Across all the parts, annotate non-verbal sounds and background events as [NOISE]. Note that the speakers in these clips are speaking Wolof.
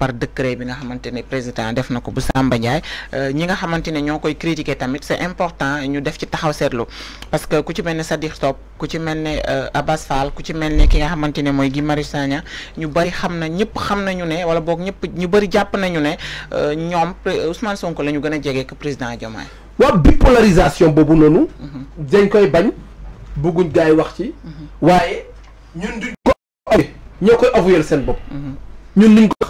par décret bi nga xamante ne président def na ko bu Samba Ndiaye euh, ñi nga xamante ne ñoo koy critiquer tamit c'est important ñu def ci taxaw seetlu parce que ku ci mel ne Sadikh Top ku ci mel ne euh, Abbas Fall ku ci mel ne ki nga xamante ne mooy gi Marius Sagna ñu bari xam na ñëpp xam nañu ne wala boog ñëpp ñu bari jàpp nañu ne euh, ñoom Ousmane Sonko la ñu gën a jege que président Diomaye waaw bipolarisation boobu noonu mhm. dañ koy bañ bëgguñ gars yi wax ci mhm. waaye ñun duñ ko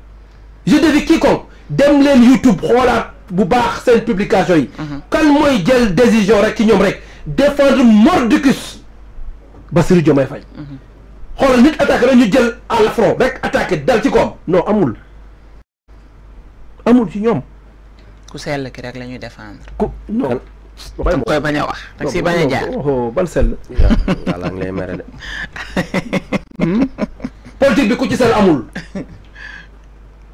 je devais quiconque dem YouTube voilà bu publication yi. Mhm. kan j'ai jël décision rek défendre mordicus Basse Diomaye Faye. Mhm. xoolal nit attaqué à non amul amul ci ku est qui rek a défendre. non. Oh, de. [LAUGHS] Hmm? politique amul. [LAUGHS]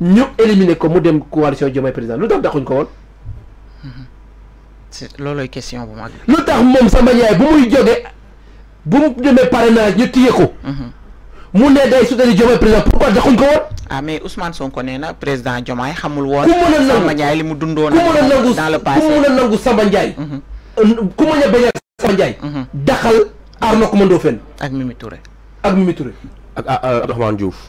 ñu éliminer ko mu dem coalition Diomaye président lu tax daxuñ ko woon. question bu mag. lu tax moom sa Ndiaye bu muy jógee bu mu demee parrainage ñu téye ko. Mhm. mu ne day soutenir Diomaye président pourquoi daxuñ ko woon. ah mais Ousmane Sonko nee na président Diomaye xamul woon. ku mën a nangu Samba Ndiaye li mu dundoon. dans le passé ku mën a nangu Samba Ndiaye. Mhm. ku mën a bañ a Samba Ndiaye. Mhm. daxal Arona Coumba Ndoffène. ak Mimi ak Mimi Touré. ak ah, ah, Abdourahmane Diouf.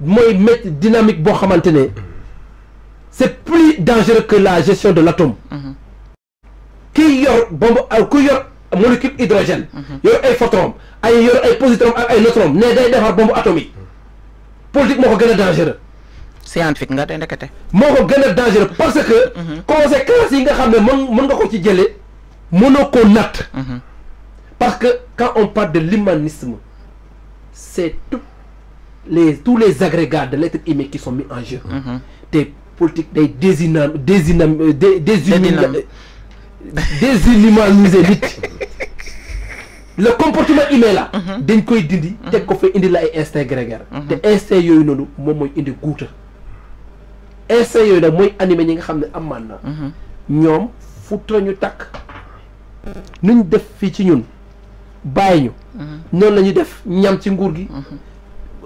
mooy mettre dynamique bo xamantene c'est plus dangereux que la gestion de l'atome qui mhm. yor bombe euh, ku yor molécule hydrogène mhm. yor ay photon ay yor ay positron ak ay neutron ne day défar bombe atomique politique moko gëna dangereux scientifique nga day ndekete moko gëna dangereux parce que mhm. conséquences yi nga xamné mën nga ko ci jëlé monoko nat parce que quand on parle de l'humanisme c'est tout les, tous les agrégats de l'être humain qui sont mis en jeu. Mm -hmm. Des politiques, des désinam, des euh, dé, [LAUGHS] désinhumaniser vite. le comportement humain là, mhm. dañ koy dindi. Mhm. teg ko fait indi la ay instinct grégaire. Mhm. te instinct yooyu noonu moom mooy indi guuta. instinct yooyu nag mooy animé ñi nga xam ne amaan na. ñoom futra ñu takk. nuñ def fii ci ñun bàyyi ñu. noonu la ñuy def ñam ci nguur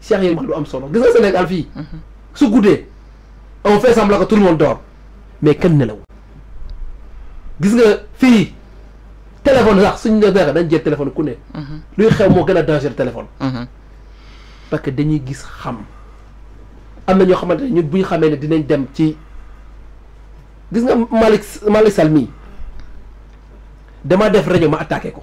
sérieusement lu am solo gis nga Sénégal fi su goudé on fait semblant que tout le monde dort mais kenn nelawul gis nga fi téléphone sax suñ ne dañ jé téléphone ku né luy xew mo gëna danger téléphone. parce que dañuy gis xam am na xamanteni xamante ne ñun bu ñu xamee dinañ dem ci gis nga malik Malick salmi dama def radio ma attaqué ko.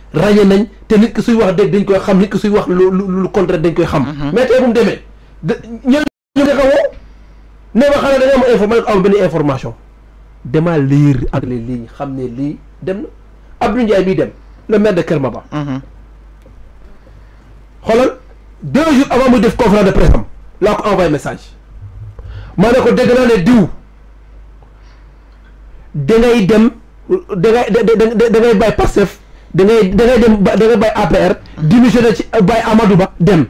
ràññee nañ té nit ki suy wax dañ xam nit ki suy wax contraire mhm. mais té bu mu ñu de ne ma da information am information lire, le maire de kermaba mhm. deux jours avant mu def conférence de presse am laa message ma ne ko dégg naa ne diw dem da ngay da dem da ngay bàyyi APR. démissionné ci bàyyi Amadou Ba dem.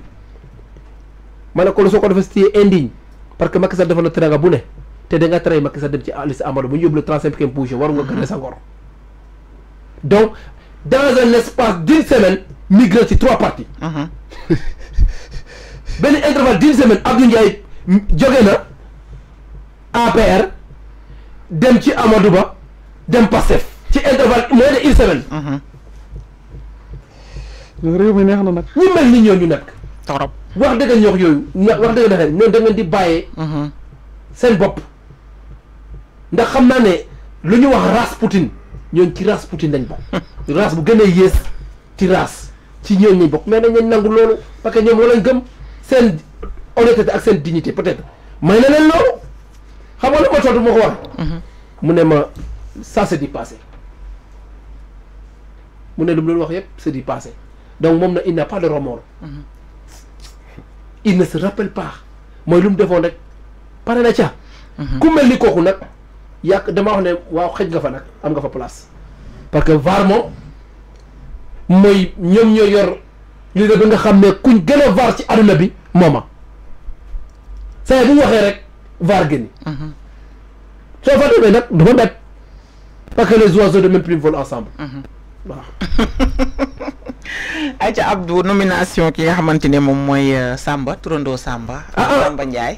ma ne ko soo ko defee c'est indigne parce que Macky Sall dafa na teraanga bu ne te da nga trahi Macky Sall dem ci liste Amadou ba ñu yóbbu la trente-cinquième a sa ngor. donc dans un espace d'une semaine ci trois partis. Uh-huh. [LAUGHS] benn intervalle d'une semaine Abdou Ndiaye joge na APR dem ci Amadou Ba dem Pastef ci intervalle moins d'une semaine. Uh-huh. réew mi neex na nag ñu mel ni ñooñu nag torop wax dëgg ñoox yooyu wax dëgg dafa ne da ngeen di bàyyee mm-hmm. seen bop. ndax xam naa ne lu ñu wax race Poutine ñooñ ci race Poutine lañ bok. [LAUGHS] race bu gën a yées ci race ci ñooñ lañ bokk mais dañ leen nangu loolu parce que ñoom wala gëm seen honnêteté ak seen dignité peut-être may na leen loolu xam nga lu ma tontu ma ko mm-hmm. mu ne ma ça c'est du passé mu ne lu mu wax yëpp c'est du passé donc il n'a pas de remords il ne se rappelle pas moi l'homme devant par la na comme elle n'y il kooku que dama ne place parce que vraiment moi, il li da nga ne de a ci àdduna bi parce que les oiseaux de même plus volent ensemble mhm. [LAUGHS] ay ca Abdou nomination ki nga xamante ne moom mooy euh, Samba turandoo Samba. Samba ah, ah. Ndiaye.